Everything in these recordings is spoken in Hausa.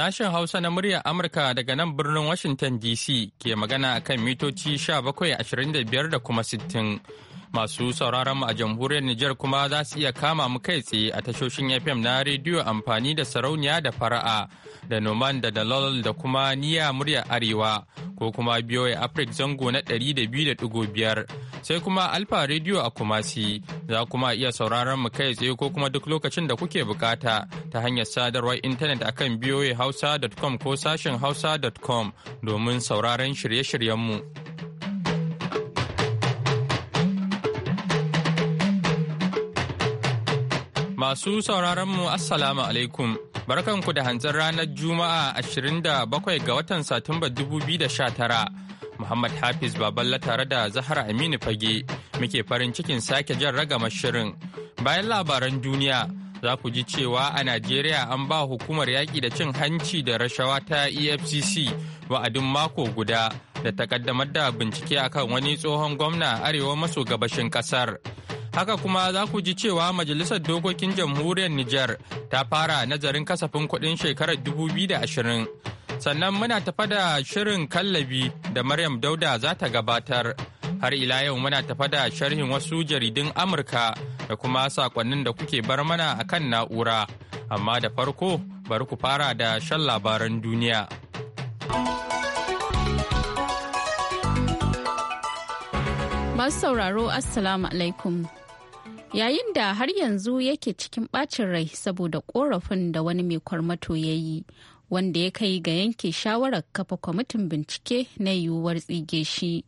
Sashen Hausa na muryar Amurka daga nan birnin Washington DC ke magana akan mitoci 1725 da kuma 60. Masu sauraron mu a jamhuriyar Nijar kuma za su iya kama mu kai tsaye a tashoshin FM na rediyo amfani da sarauniya da fara'a da Noman da Dalol da kuma Niya murya Arewa ko kuma biyo BOA Africa zango na 200.5 sai kuma Alfa rediyo a Kumasi za kuma iya sauraron mu kai tsaye ko kuma duk lokacin da kuke bukata ta hanyar sadarwar intanet akan BOA Hausa.com ko sashen Hausa.com domin sauraron shirye-shiryenmu. mu. Masu sauraronmu Assalamu alaikum, barkanku da hantsin ranar Juma'a 27 ga watan Satumba 2019. Muhammad Hafiz Baballa tare da Zahra Aminu Fage muke farin cikin sake jan ragama shirin. Bayan labaran duniya, za ku ji cewa a Najeriya an ba hukumar yaƙi da cin hanci da rashawa ta EFCC wa'adin mako guda da takaddamar da bincike akan wani tsohon gwamna arewa maso gabashin ƙasar. Haka kuma za ku ji cewa Majalisar Dokokin Jamhuriyar Nijar ta fara nazarin kasafin kuɗin shekarar 2020. Sannan muna tafa da shirin kallabi da Maryam Dauda za ta gabatar. Har ila yau muna tafa da sharhin wasu jaridun Amurka da kuma sakonnin da kuke bar mana a kan na'ura. Amma da farko bari ku fara da shan labaran duniya. Masu sauraro, Assalamu alaikum. yayin da har yanzu yake cikin bacin rai saboda korafin da wani mai kwarmato ya yi wanda ya kai ga yanke shawarar kafa kwamitin bincike na yiwuwar tsige shi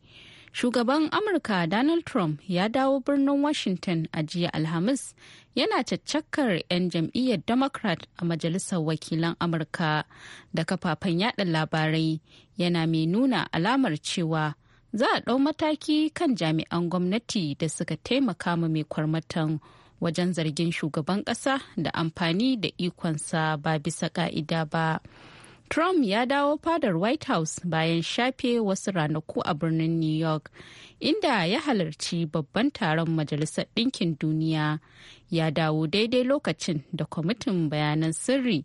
shugaban amurka donald trump ya dawo birnin washington a jiya alhamis yana caccakar 'yan jam'iyyar democrat a majalisar wakilan amurka da kafafen yada labarai yana mai nuna alamar cewa za a ɗau mataki kan jami'an gwamnati da suka taimaka ma mai kwarmatan wajen zargin shugaban ƙasa da amfani da ikonsa ba bisa ƙa'ida ba. Trump ya dawo fadar White House bayan shafe wasu ranaku a birnin New York, inda ya halarci babban taron Majalisar Ɗinkin Duniya. Ya dawo daidai lokacin da kwamitin bayanan sirri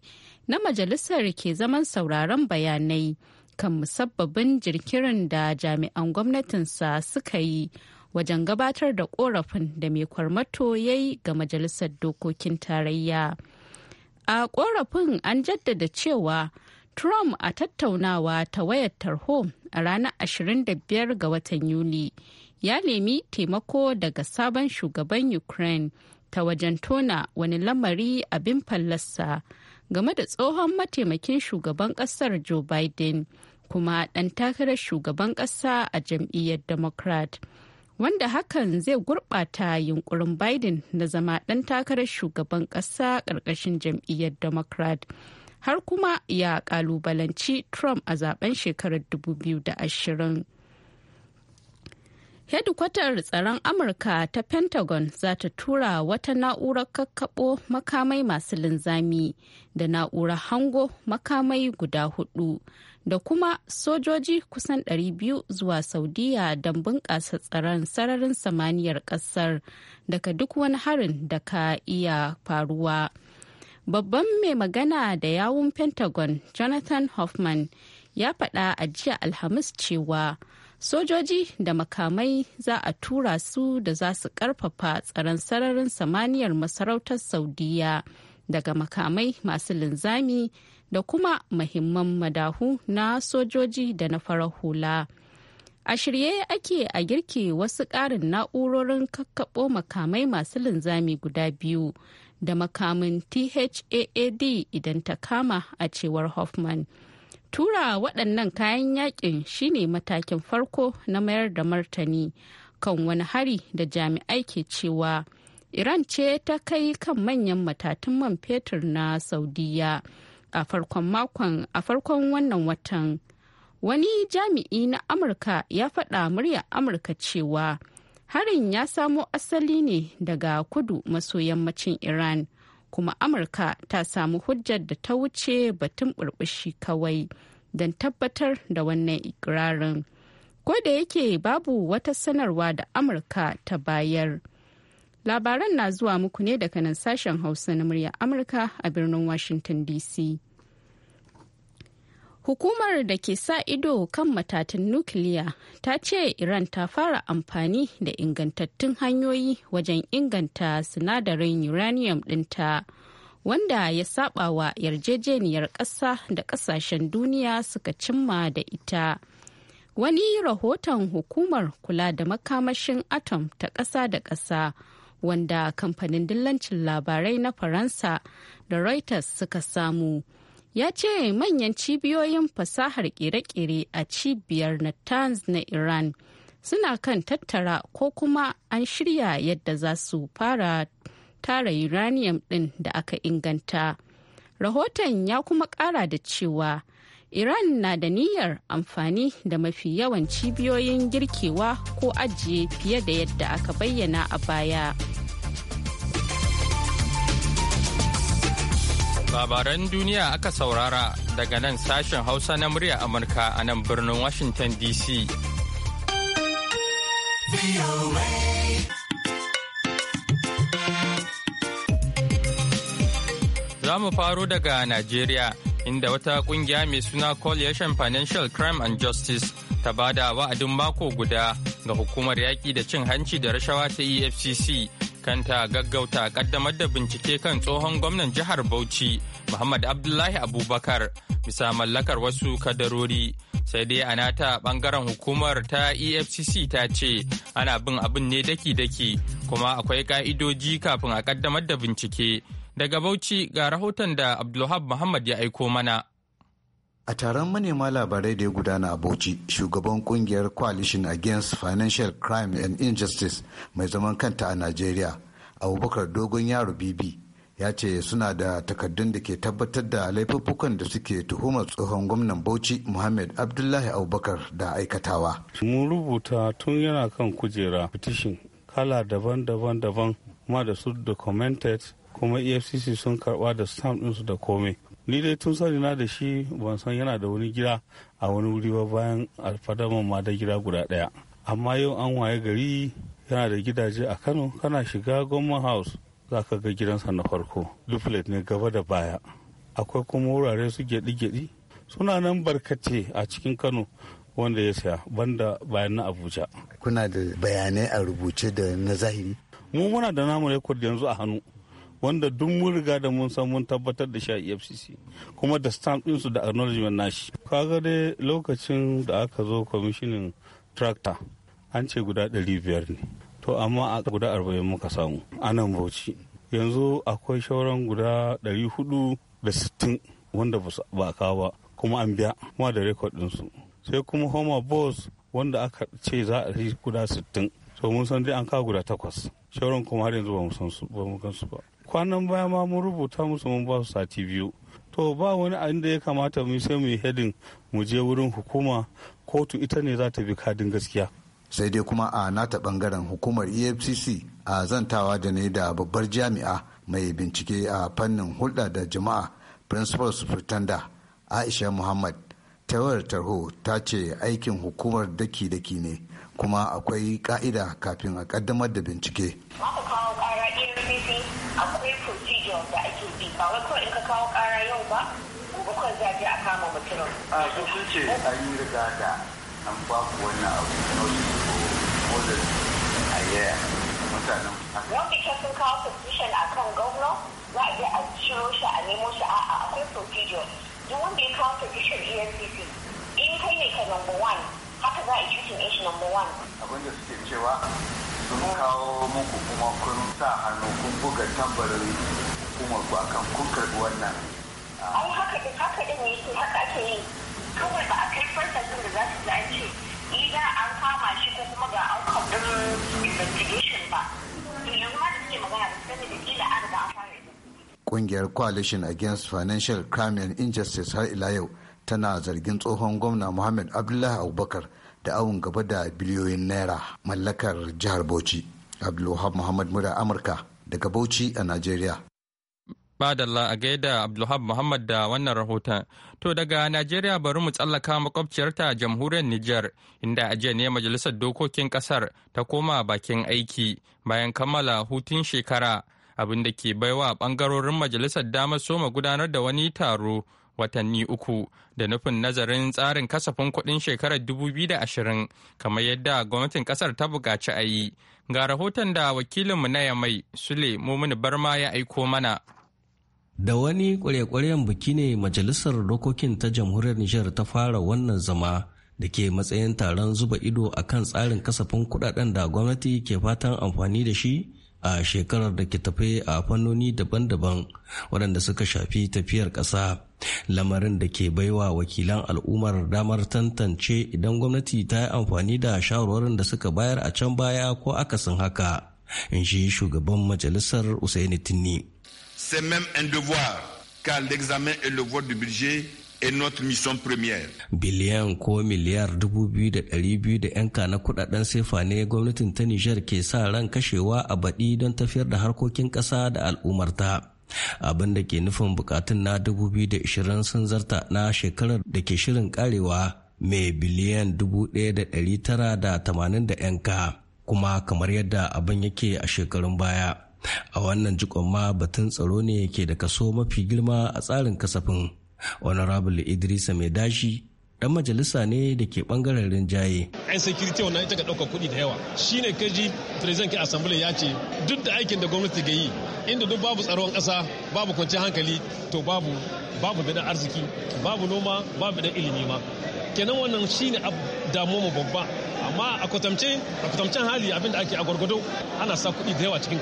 na majalisar ke zaman sauraron bayanai kan musabbabin jirkirin da jami'an gwamnatinsa suka yi wajen gabatar da korafin da mai kwarmato ya yi ga majalisar dokokin tarayya a korafin an jaddada cewa trump a tattaunawa ta wayar tarho a ranar 25 ga watan yuli ya nemi taimako daga sabon shugaban ukraine ta wajen tona wani lamari abin fallasa game da tsohon mataimakin shugaban kasar Joe Biden kuma ɗan takarar shugaban ƙasa a jam'iyyar Democrat. Wanda hakan zai gurɓata yunkurin Biden na zama ɗan takarar shugaban ƙasa ƙarƙashin jam'iyyar Democrat. Har kuma ya ƙalubalanci Trump a zaben shekarar 2020. hedikwatar tsaron amurka ta pentagon za ta tura wata na'urar kakkaɓo makamai masu linzami da na'urar hango makamai guda hudu da kuma sojoji kusan 200 zuwa saudiya don bunƙasa tsaron sararin samaniyar ƙasar daga duk wani harin da ka iya faruwa babban mai magana da yawun pentagon jonathan hoffman ya faɗa a jiya alhamis cewa sojoji da makamai za a tura su da za su karfafa tsaron sararin samaniyar masarautar saudiya daga makamai masu linzami da kuma mahimman madahu na sojoji da na farar hula a shirye ake a girke wasu ƙarin na'urorin kakkaɓo makamai masu linzami guda biyu da makamin thaad idan ta kama a cewar hoffman Tura waɗannan kayan yakin shine matakin farko na mayar da martani kan wani hari da jami'ai ke cewa Iran ce ta kai kan manyan matatun man fetur na Saudiya a farkon makon a farkon wannan watan. Wani jami'i na Amurka ya faɗa murya Amurka cewa harin ya samo asali ne daga kudu maso yammacin Iran. kuma amurka ta samu hujjar da ta wuce batun burbushi kawai don tabbatar da wannan ikirarin da yake babu wata sanarwa da amurka ta bayar labaran na zuwa muku ne daga nan sashen hausa na murya amurka a birnin washington dc Hukumar da ke sa ido kan matatan nukiliya ta ce Iran ta fara amfani da ingantattun hanyoyi wajen inganta sinadarin uranium ɗinta wanda ya saba wa yarjejeniyar ƙasa da ƙasashen duniya suka cimma da ita. Wani rahoton hukumar kula da makamashin atom ta ƙasa da ƙasa wanda kamfanin dillancin labarai na Faransa da Reuters suka samu. ya ce manyan cibiyoyin fasahar kere-kere a cibiyar Natanz na Iran suna kan tattara ko kuma an shirya yadda za su fara tara uranium ɗin da aka inganta. Rahoton ya kuma ƙara da cewa Iran na da niyyar amfani da mafi yawan cibiyoyin girkewa ko ajiye fiye da yadda aka bayyana a baya. Labaran duniya aka saurara daga nan sashen Hausa na murya Amurka a nan birnin Washington DC. Za mu faro daga Najeriya inda wata kungiya mai suna Coalition Financial Crime and Justice ta bada wa'adin mako guda ga hukumar yaƙi da cin hanci da rashawa ta EFCC kanta gaggauta kaddamar da bincike kan tsohon gwamnan jihar Bauchi Muhammad Abdullahi Abubakar bisa mallakar wasu kadarori sai dai a nata bangaren hukumar ta EFCC ta ce ana bin abin ne daki-daki kuma akwai ka'idoji kafin a kaddamar da bincike daga Bauchi ga rahoton da Abdulhab Muhammad ya aiko mana. A taron manema labarai da ya gudana a Bauchi, shugaban kungiyar Coalition Against Financial Crime and Injustice mai zaman kanta a Najeriya, Abubakar Dogon Yaro Bibi, ya ce suna da takardun da ke tabbatar da laifuffukan da suke tuhumar tsohon gwamnan Bauchi Muhammad Abdullahi Abubakar da aikatawa. Mun rubuta tun yana kan kujera petition kala daban-daban daban ma da su documented kuma EFCC sun karba da stamp ɗinsu da komai. ni dai tun sani na da shi ban san yana da wani gida a wani wuri ba bayan alfadaman ma da gida guda daya amma yau an waye gari yana da gidaje a kano kana shiga goma house za ka ga gidansa na farko duplet ne gaba da baya akwai kuma wurare su gyaɗi-gyaɗi suna nan barkace a cikin kano wanda ya saya banda bayan na abuja kuna da bayanai a rubuce da na zahiri mu muna da namu rekod yanzu a hannu wanda duk mun riga da mun san mun tabbatar da shi a efcc kuma da stamp su da acknowledgement nashi kaga dai lokacin da aka zo kwamishinin tractor an ce guda 500 ne to amma a guda 40 muka samu anan bauchi yanzu akwai shauran guda 460 wanda ba a kawo ba kuma an biya kuma da rekod su sai kuma homa boss wanda aka ce za a yi guda 60 so mun san dai an kawo guda takwas shauran kuma har yanzu ba mu san su ba mu gan su ba kwanan baya ma mun rubuta musu mun ba su sati biyu to ba wani abin da ya kamata mu sai mu yi hedin mu je wurin hukuma kotu ita ne za ta bi kadin gaskiya sai dai kuma a nata bangaren hukumar efcc a zantawa da ne da babbar jami'a mai bincike a fannin hulɗa da jama'a principal superintendent aisha muhammad tawar tarho ta ce aikin hukumar daki-daki ne kuma akwai ka'ida kafin a kaddamar da bincike a sun ce an yi riga da an ba ku wannan abu na wasu model a yi ya. mutanen lokacin sun kawo constitution a kan gwamna za a je a ciro shi a nemo shi a'a akwai procedure duk wanda ya kawo constitution efcc in kai ne ka number one haka za a yi cutin shi number one abinda suke cewa sun kawo muku kuma kun sa hannu kun buga tambarin hukumar ku akan kun karbi wannan ai haka da haka din yake haka ake yi kawai ba a kai farsa din da za su ji an ce ila an kama shi ko kuma ga outcome din investigation ba yanzu ma da suke magana da sani da kila an riga an fara Ƙungiyar Coalition Against Financial Crime and Injustice har ila yau tana zargin tsohon gwamna Muhammad Abdullahi Abubakar da awon gaba da biliyoyin naira mallakar jihar Bauchi. Abdullahi Muhammad Mura Amurka daga Bauchi a Najeriya. Badalla a gaida Abdulhab Muhammad da wannan rahoton. To daga Najeriya bari mu tsallaka makwabciyarta jamhuriyar Nijar, inda a jiya ne majalisar dokokin kasar ta koma bakin aiki bayan kammala hutun shekara, abinda da ke baiwa bangarorin majalisar damar soma gudanar da wani taro watanni uku da nufin nazarin tsarin kasafin kuɗin shekarar ashirin kamar yadda gwamnatin kasar ta buƙaci a yi. Ga rahoton da wakilinmu na Yamai, Sule Mumini Barma ya aiko mana. Da wani kwarekwaren biki ne Majalisar Dokokin ta Jamhuriyar Nijar ta fara wannan zama da ke matsayin taron zuba ido a kan tsarin kasafin kudaden da gwamnati ke fatan amfani da shi a shekarar da ke tafe a fannoni daban-daban waɗanda suka shafi tafiyar ƙasa lamarin da ke baiwa wakilan al'ummar damar tantance idan gwamnati ta yi amfani da shawarwarin da suka bayar a can baya ko akasin haka in shi shugaban majalisar usaini tinni C'est même un devoir, car l'examen et le vote du budget est notre mission première. Biliyan ko miliyar dubu biyu da ɗari biyu da yanka na kudaden sefa ne gwamnatin ta Nijar ke sa ran kashewa a baɗi don tafiyar da harkokin ƙasa da al'ummarta. abin da ke nufin bukatun na 2020 sun zarta na shekarar da ke shirin karewa mai biliyan 1,980 da yanka kuma kamar yadda abin yake a shekarun baya. a wannan jikon ma batun tsaro ne ke da kaso mafi girma a tsarin kasafin honorable idrisa mai dashi dan majalisa ne da ke bangaren rinjaye. Yan security wannan ita ka ɗaukar kuɗi da yawa. Shi ne kaji president ke assembly ya ce duk da aikin da gwamnati ga yi inda duk babu tsaron ƙasa babu kwanciyar hankali to babu babu da arziki babu noma babu da ilimi ma. Kenan wannan shi ne damuwa mu babba amma a kwatance a kwatancen hali abinda ake a gwargwado ana sa kuɗi da yawa cikin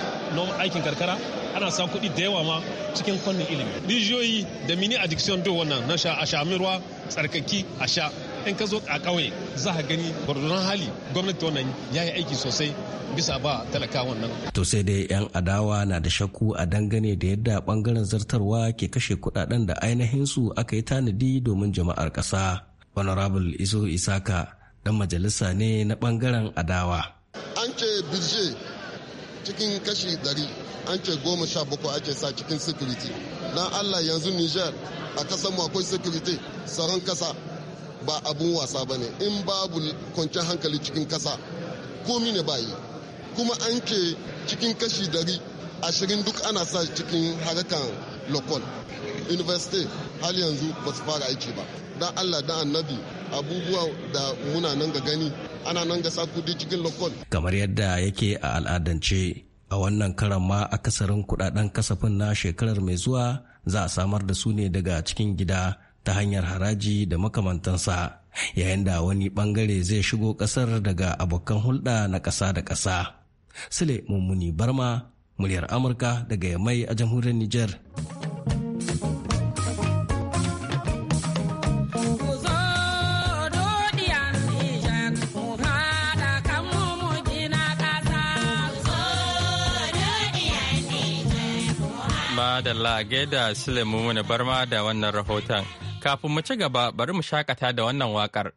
aikin karkara ana sa kuɗi da yawa ma cikin fannin ilimi rijiyoyi da mini addiction do wannan na sha a tsarkaki a sha in ka zo a ƙauye za ka gani gwargwadon hali gwamnati wannan ya yi aiki sosai bisa ba talaka wannan. To sai dai 'yan adawa na da shakku a dangane da yadda bangaren zartarwa ke kashe kudaden da ainihin su aka yi tanadi domin jama'ar ƙasa. Honorable Iso Isaka dan majalisa ne na bangaren adawa. An ce birje cikin kashi dari an ce goma sha bakwai ake sa cikin security. dan Allah yanzu Niger a kasan mu akwai security tsaron kasa ba abun wasa ba ne in babu kwanciyar hankali cikin kasa komi ne bayi kuma an ce cikin kashi dari ashirin duk ana sa cikin harakan local university har yanzu ba su fara aiki ba dan allah da annabi abubuwa da muna nan ga gani ana nan ga sakudi cikin local kamar yadda yake a al'adance a wannan karan ma akasarin kudaden kasafin na shekarar mai zuwa za a samar da su ne daga cikin gida ta hanyar haraji da makamantansa yayin da wani bangare zai shigo kasar daga abokan hulɗa na ƙasa da ƙasa sule mummuni barma muryar amurka daga yamai a jamhuriyar niger Madalla geda Sulemu Mumuni Barma da wannan rahoton. Kafin mu ci gaba bari mu shakata da wannan wakar.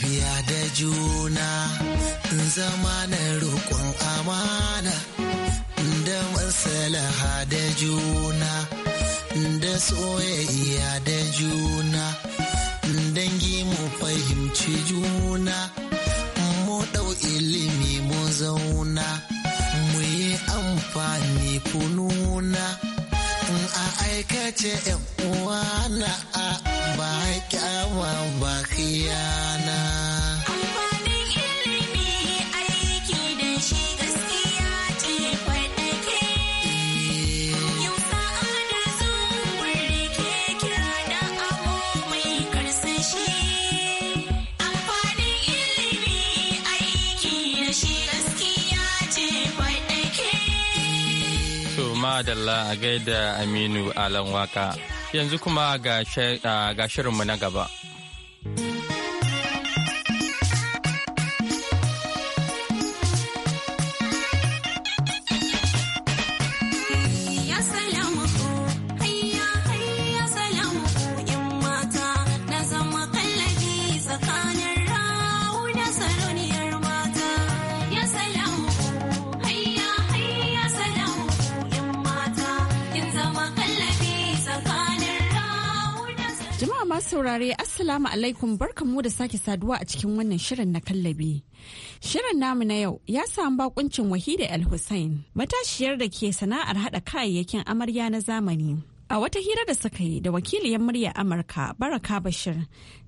tafiya da juna, zama na roƙon amana, da masalaha da juna, da soyayya da juna, dangi mu fahimci juna, mu ɗau ilimi mu zauna, mu yi amfani kununa. a aikace yan uwa na a ba kyawa ba khiyana Madalla a gaida Aminu Alan Waka. Yanzu kuma ga shirinmu na gaba. saurare Assalamu alaikum barkanmu da sake saduwa a cikin wannan shirin na kallabi. Shirin namu na yau ya samu bakuncin Wahida El Hussein, matashiyar da ke sana'ar hada kayayyakin amarya na zamani. A wata hira da suka yi da wakiliyar murya Amurka Baraka Bashir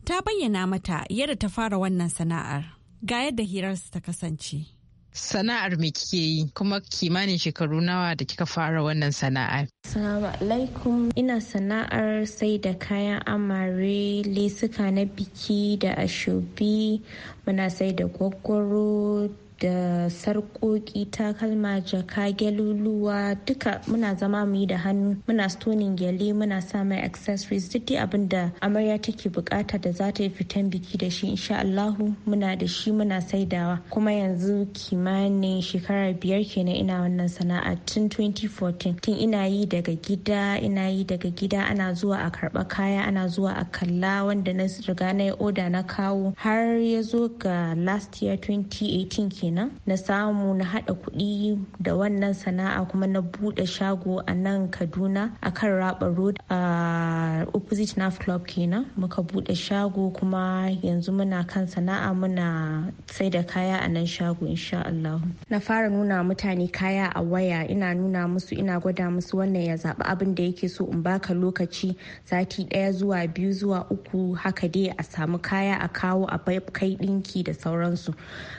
ta bayyana mata yadda ta fara wannan sana'ar. Ga yadda hirarsu ta kasance. Sana'ar me kike yi kuma kimanin shekaru nawa da kika fara wannan sana'ar? Salamu alaikum ina sana'ar sai da kayan amare lesuka na biki da ashobi muna sai da gwaggwaro da sarƙoƙi takalma jaka geluluwa duka muna zama mu yi da hannu muna stonin gyale muna sa mai accessories duk dai abin da amarya take bukata da za ta yi fitan biki da shi insha Allahu muna da shi muna saidawa kuma yanzu kimanin shekara biyar kenan ina wannan sana'a tun 2014 tun ina yi daga gida ina yi daga gida ana zuwa a karɓa kaya ana zuwa a kalla wanda na riga na yi oda na kawo har ya zo ga last year 2018 kenan kenan na samu na hada kuɗi da wannan sana'a kuma na buɗe shago a nan kaduna a kan raba road a opposite naf club kenan muka buɗe shago kuma yanzu muna kan sana'a muna sai da kaya a nan shago insha Allah. na fara nuna mutane kaya a waya ina nuna musu ina gwada musu wannan ya zaba abin da yake so in baka lokaci sati ɗaya zuwa biyu zuwa uku haka dai a samu kaya a kawo a kai ɗinki da sauransu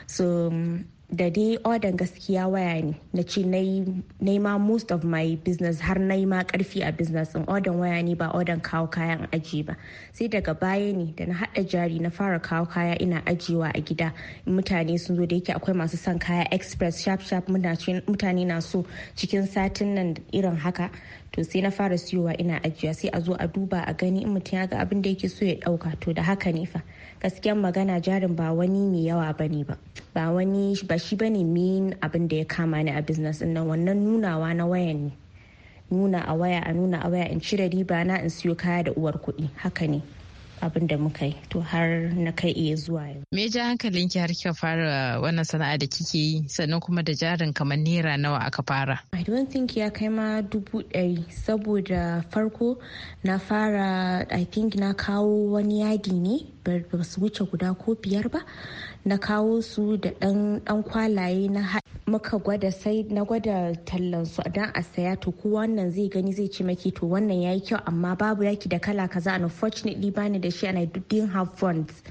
so da dai odan gaskiya waya ne na ce na ma most of my business har na ma karfi a business in odan waya ne ba odan kawo kayan aji ba sai daga baya ne da na hada jari na fara kawo kaya ina ajiyewa a gida mutane sun zo da yake akwai masu son kaya express sharp sharp mutane na so cikin satin nan irin haka to sai na fara siyowa ina ajiya sai a zo a duba a gani in mutum ya ga abin da yake so ya dauka to da haka ne fa gaskiyan magana jarin ba wani mai yawa bane ba ba wani ba shi bane min abin da ya kama ni a business din nan wannan nunawa na waya ne nuna a waya a nuna a waya in cire riba na in siyo kaya da uwar kuɗi haka ne abin da muka yi to har na kai iya zuwa yau. Me hankalin ki har kika fara wannan sana'a da kike yi sannan kuma da jarin kamar naira nawa aka fara? I don't think ya kai ma dubu ɗari saboda farko na fara I think na kawo wani yadi ne ba su wuce guda ko biyar ba na kawo su da ɗan kwalaye na muka gwada sai na gwada tallan su dan a saya to ko wannan zai gani zai ce maki to wannan yayi kyau amma babu yaki da kala kaza unfortunately bani da shi and I didn't have funds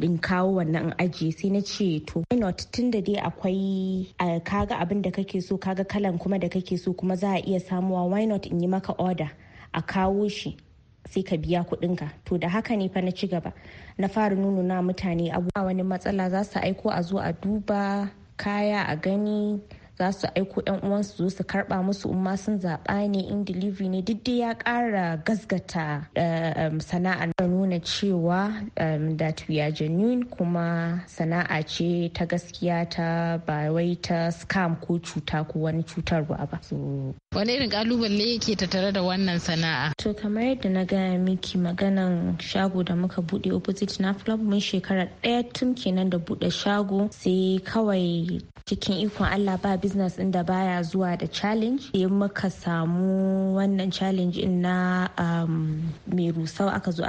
in kawo wannan aji sai na ce to why not tun da dai akwai kaga abin da kake so kaga kalan kuma da kake so kuma za a iya samuwa why not in yi maka order a kawo shi sai ka biya ka to da haka ne fa na ci gaba na fara nuna mutane abubuwa wani matsala za su aiko a zo a duba kaya a gani za su aiko yan uwansu zo su karba musu umma sun zaɓa ne in delivery ne duk dai ya ƙara gasgata um, sana'a na nuna cewa um, that we are genuine kuma sana'a ce ta gaskiya ta ba wai ta scam ko cuta ko wani cutarwa ba. Wani irin kalubale yake tattare da wannan sana'a? To kamar yadda na gaya miki maganan shago da muka buɗe opposite na club mun shekara ɗaya tun kenan da buɗe shago sai kawai cikin ikon Allah ba business ɗin da baya zuwa da challenge sai muka samu wannan challenge in na um, mai rusau aka zo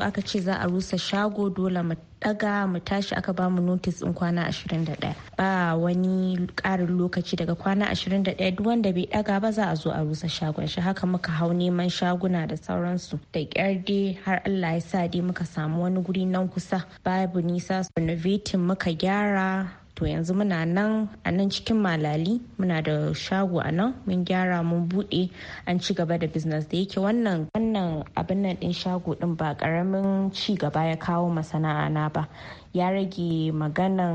aka ce za a rusa shago dole mu daga mu tashi aka bamu notice in kwana 21 ba wani karin lokaci daga kwana 21 duk wanda bai daga ba za a zo a rusa shagon shi haka muka hau neman shaguna da sauransu da kyar dai har Allah ya sa dai muka samu wani guri nan kusa babu nisa renovating muka gyara to yanzu muna nan a nan cikin malali muna da shago a nan mun gyara mun bude an ci gaba da business da yake wannan wannan abin nan din shago din ba karamin ci gaba ya kawo masana'a na ba ya rage maganan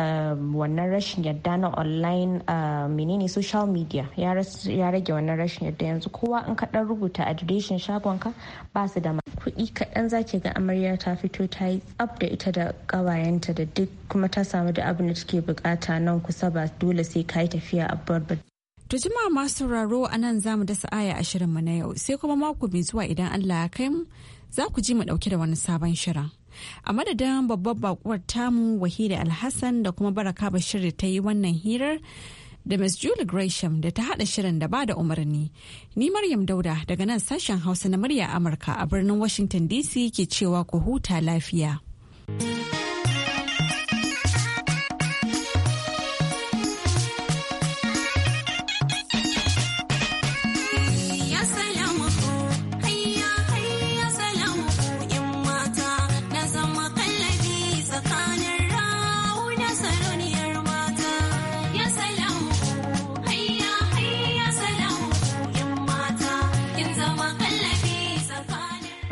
um, wannan rashin yadda na online uh, menene social media ya rage wannan rashin yadda yanzu kowa in kaɗan dan rubuta adireshin shagonka ba su da kuɗi kaɗan za ki ga amarya ta fito ta yi tsab da ita da ƙawayenta da duk kuma ta samu da abin da take bukata nan kusa ba dole sai ka yi tafiya a barbar To jima masu sauraro a nan za mu dasa aya a shirin mu na yau sai kuma mako mai zuwa idan Allah ya kai mu za ku ji mu ɗauke da wani sabon shirin. A madadin babbar bakuwar tamu Wahida Alhassan da kuma Baraka Bashir ta yi wannan hirar da Ms. Julie Gresham da ta haɗa shirin da ba da umarni. Ni Maryam Dauda daga nan sashen Hausa na murya Amurka a birnin Washington DC ke cewa ku huta lafiya.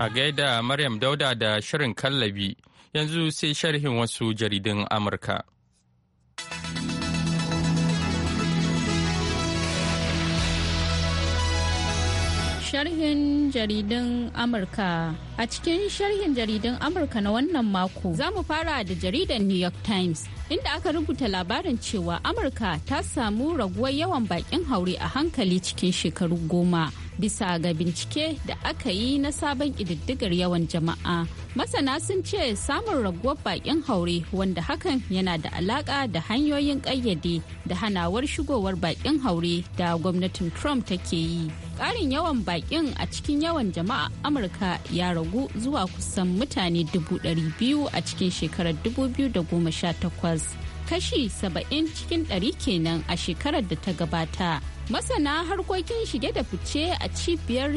A gaida Maryam Dauda da Shirin Kallabi yanzu sai sharhin wasu jaridun Amurka. sharhin jaridun Amurka. A cikin sharhin jaridun Amurka na wannan mako, za mu fara da jaridar New York Times, inda aka rubuta labarin cewa Amurka ta samu raguwar yawan bakin haure a hankali cikin shekaru goma. bisa ga bincike da aka yi na sabon ƙididdigar yawan jama'a masana sun ce samun raguwar baƙin haure wanda hakan yana da alaƙa da hanyoyin ƙayyade da hanawar shigowar baƙin haure da gwamnatin trump take yi ƙarin yawan baƙin a cikin yawan jama'a amurka ya ragu zuwa kusan mutane 200,000 a cikin shekarar da goma sha takwas kashi saba'in cikin 100 kenan a shekarar da ta gabata masana harkokin shige da fice a cibiyar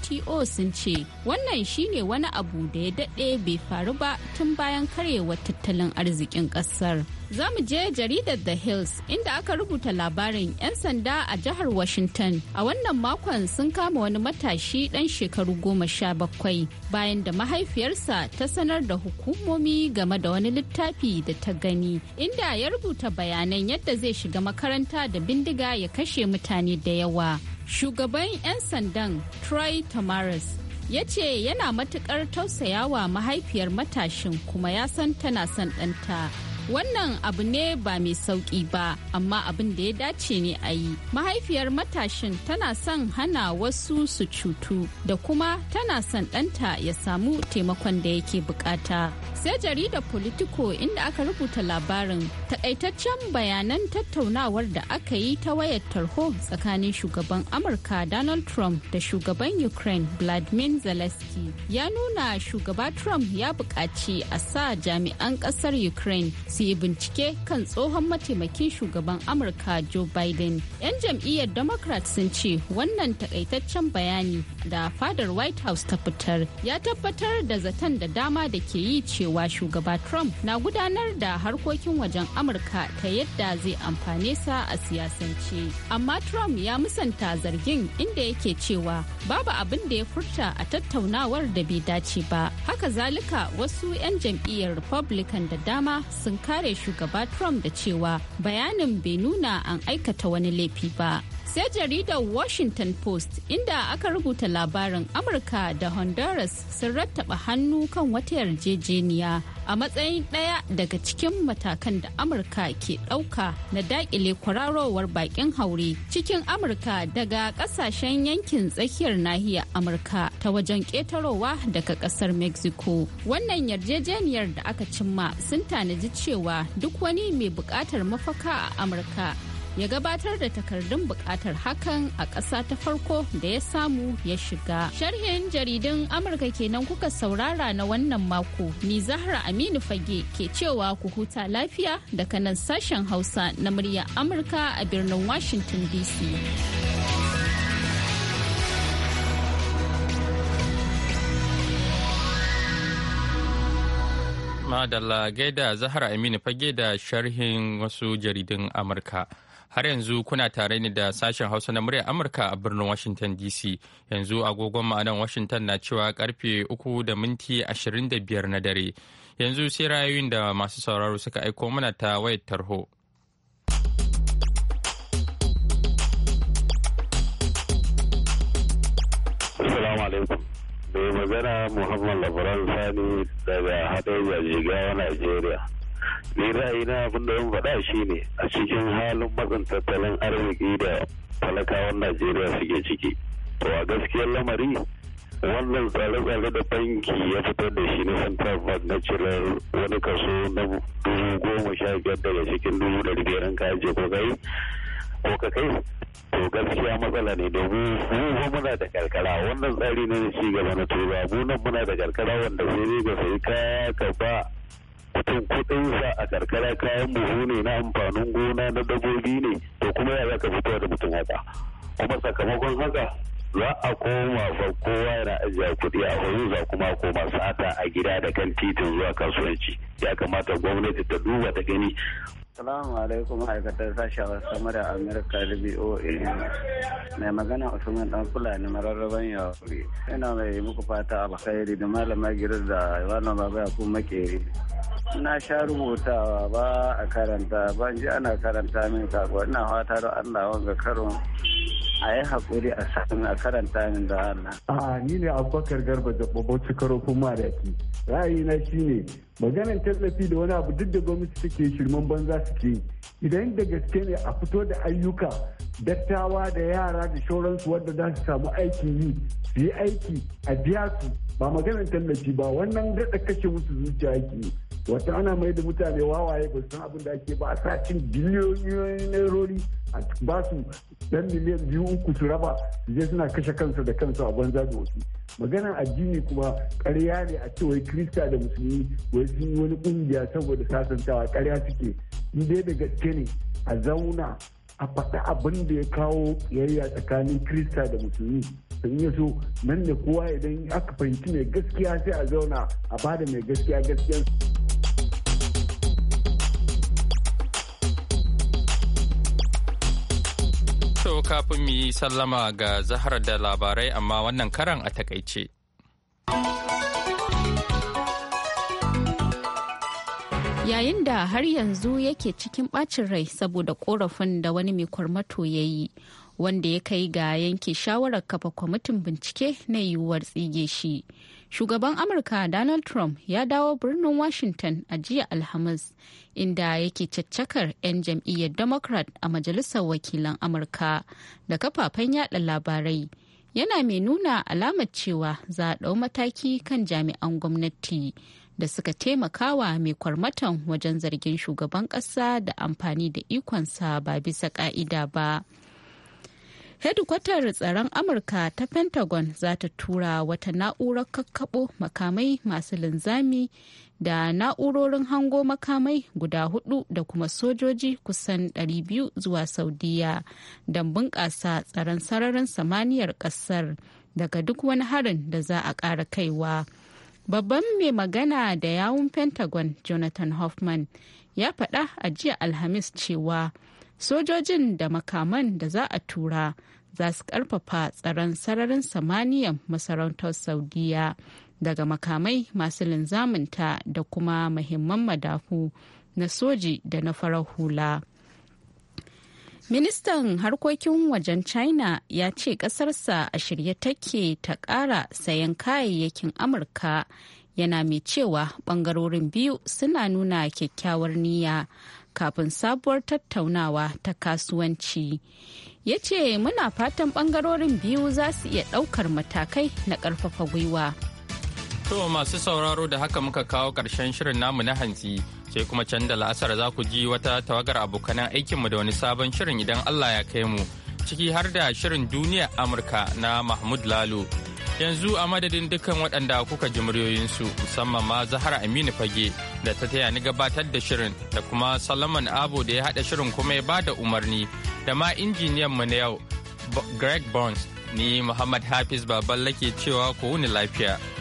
cato sun ce wannan shine wani abu da ya daɗe bai faru ba tun bayan karyewar tattalin arzikin ƙasar za mu je jaridar The Hills inda aka rubuta labarin 'yan sanda a jihar Washington. A wannan makon sun kama wani matashi ɗan shekaru goma sha bakwai bayan da mahaifiyarsa ta sanar da hukumomi game da wani littafi da ta gani inda ya rubuta bayanan yadda zai shiga makaranta da bindiga ya kashe mutane da yawa. Shugaban 'yan sandan Troy Tamaris ya ce yana matukar tausayawa mahaifiyar matashin kuma ya san tana son ɗanta. Wannan abu ne ba mai sauki ba, amma abin da ya dace ne a yi. Mahaifiyar matashin tana son hana wasu su cutu da kuma tana son ɗanta ya samu taimakon da yake bukata. Sai jaridar Politico inda aka rubuta labarin takaitaccen bayanan tattaunawar da aka yi ta wayar tarho tsakanin shugaban Amurka Donald Trump da shugaban Ukraine Vladimir Zelensky ya nuna shugaba Trump ya buƙaci a sa jami'an ƙasar Ukraine su yi bincike kan tsohon mataimakin shugaban amurka joe biden yan jam'iyyar democrat sun ce wannan takaitaccen bayani da fadar white house ta fitar ya tabbatar da zaton da dama da ke yi cewa shugaba trump na gudanar da harkokin wajen amurka ta yadda zai amfane sa a siyasance amma trump ya musanta zargin inda yake cewa babu abin da ya furta a tattaunawar da bai dace ba haka zalika wasu 'yan jam'iyyar republican da dama sun kare shugaba Trump da cewa bayanin bai nuna an aikata wani laifi ba. sai jaridar washington post inda aka rubuta labarin amurka da honduras sun rattaba hannu kan wata yarjejeniya a matsayin ɗaya daga cikin matakan da amurka ke ɗauka na daƙile kwararowar baƙin haure cikin amurka daga ƙasashen yankin tsakiyar nahiyar amurka ta wajen ƙetarowa daga ƙasar mexico wannan yarjejeniyar da aka cimma sun tanaji cewa duk wani mai buƙatar mafaka a amurka ya gabatar da takardun bukatar hakan a ƙasa ta farko da ya samu ya shiga. Sharhin jaridun Amurka kenan kuka saurara na wannan mako. Ni Zahra Aminu Fage ke cewa ku huta lafiya daga nan sashen Hausa na muryar Amurka a birnin Washington DC. Madalla gaida Zahra Aminu fage da sharhin wasu jaridun Amurka. har yanzu kuna tare ni da sashen hausa na muryar amurka a birnin washington dc yanzu agogon ma'anan washington na cewa karfe uku da minti ashirin da biyar na dare yanzu sai rayoyin da masu sauraro suka aiko mana ta wayar tarho Assalamu alaikum. Mai magana Muhammad Labaran Sani daga Hadejia Jigawa, Najeriya. ni ra'ayina abin da zan faɗa shi ne a cikin halin matsin tattalin arziki da talakawan najeriya suke ciki to a gaskiyar lamari wannan tsare-tsare da banki ya fitar da shi na central bank na cirar wani kaso na dubu goma sha biyar daga cikin dubu da biyar ka ajiye ko kai ko ka kai to gaskiya matsala ne domin mu muna da karkara wannan tsari ne na cigaba na tura mu nan muna da karkara wanda sai dai ka sayi kaya ka ba mutum sa a karkara kayan buhu ne na amfanin gona na dabobi ne to kuma ya zaka fito da mutum haka kuma sakamakon haka za a koma fa kowa yana ajiye kuɗi a hoyo za kuma koma sata a gida da kan titin zuwa kasuwanci ya kamata gwamnati ta duba ta gani Assalamu alaikum ma'aikatar sashen sama da Amurka da BOA. Mai magana Usman dan Fulani mararraban yawuri. Ina mai muku fata alkhairi da malama girar da wannan baba ya kuma makeri. Na sha rubutawa ba a karanta ban ji ana karanta min kago ina fata da Allah wanga karon a yi haƙuri a sanin a karanta min da Allah. A'a, ni ne Abubakar Garba da Babo Cikaro kuma da ke. ra'ayina shine maganar tallafi da wani abu duk da gwamnati take shirman banza suke idan da gaske ne a fito da ayyuka dattawa da yara da shauransu wadda za su samu aikin yi su yi aiki a biya su ba maganar tallafi ba wannan daɗa kashe musu zuciya aiki wata ana mai da mutane wawaye ba san abin da ake ba a sa cin biliyoyin nairori a ba su dan miliyan biyu uku su su je suna kashe kansu da kansu a banza da wasu magana addini kuma karya ne a ce wai krista da musulmi wai sun wani ƙungiya saboda sasantawa karya suke in dai da gaske ne a zauna a faɗa abin da ya kawo yayya tsakanin krista da musulmi sun yi so nan da kowa idan aka fahimci mai gaskiya sai a zauna a bada mai gaskiya gaskiya kafin mu yi sallama ga zaharar da labarai amma wannan karan a takaice. Yayin da har yanzu yake cikin ɓacin rai saboda korafin da wani mai kwarmato ya yi, wanda ya kai ga yanke shawarar kafa kwamitin bincike na yiwuwar tsige shi shugaban amurka donald trump ya dawo birnin washington a jiya alhamis inda yake caccakar 'yan jam'iyyar democrat a majalisar wakilan amurka da kafafen yada labarai yana mai nuna alamar cewa za a ɗau mataki kan jami'an gwamnati da suka taimakawa mai kwarmatan wajen zargin shugaban ƙasa da amfani da ikonsa ba bisa ƙa'ida ba. Hedkwatar tsaron amurka ta pentagon za ta tura wata na'urar kakkaɓo makamai masu linzami da na'urorin hango makamai guda hudu da kuma sojoji kusan 200 zuwa saudiya don bunƙasa tsaron sararin samaniyar ƙasar daga duk wani harin da za a ƙara kaiwa babban mai magana da yawun pentagon jonathan hoffman ya faɗa a jiya alhamis cewa sojojin da makaman da za a tura za su karfafa tsaron sararin samaniyan masarautar saudiya daga makamai masu linzaminta da kuma mahimman madafu na soji da na farar hula ministan harkokin wajen china ya ce kasarsa a shirye take ta kara sayan kayayyakin amurka yana mai cewa bangarorin biyu suna nuna kyakkyawar niyya kafin sabuwar tattaunawa ta kasuwanci ya ce muna fatan bangarorin biyu za su iya ɗaukar matakai na ƙarfafa gwiwa to masu sauraro da haka muka kawo ƙarshen shirin namu na hantsi sai kuma can da la'asar za ku ji wata tawagar abokanan aikinmu da wani sabon shirin idan allah ya kai mu ciki har da shirin duniya amurka na mahmud lalo Yanzu a madadin dukkan waɗanda kuka ji muryoyinsu musamman ma Zahara Aminu Fage da ta taya ni gabatar da shirin da kuma salaman abu da ya haɗa shirin kuma ya bada umarni da ma injiniyan mu na yau Greg Burns ni Muhammad Hafiz Baballa ke cewa ku wuni lafiya.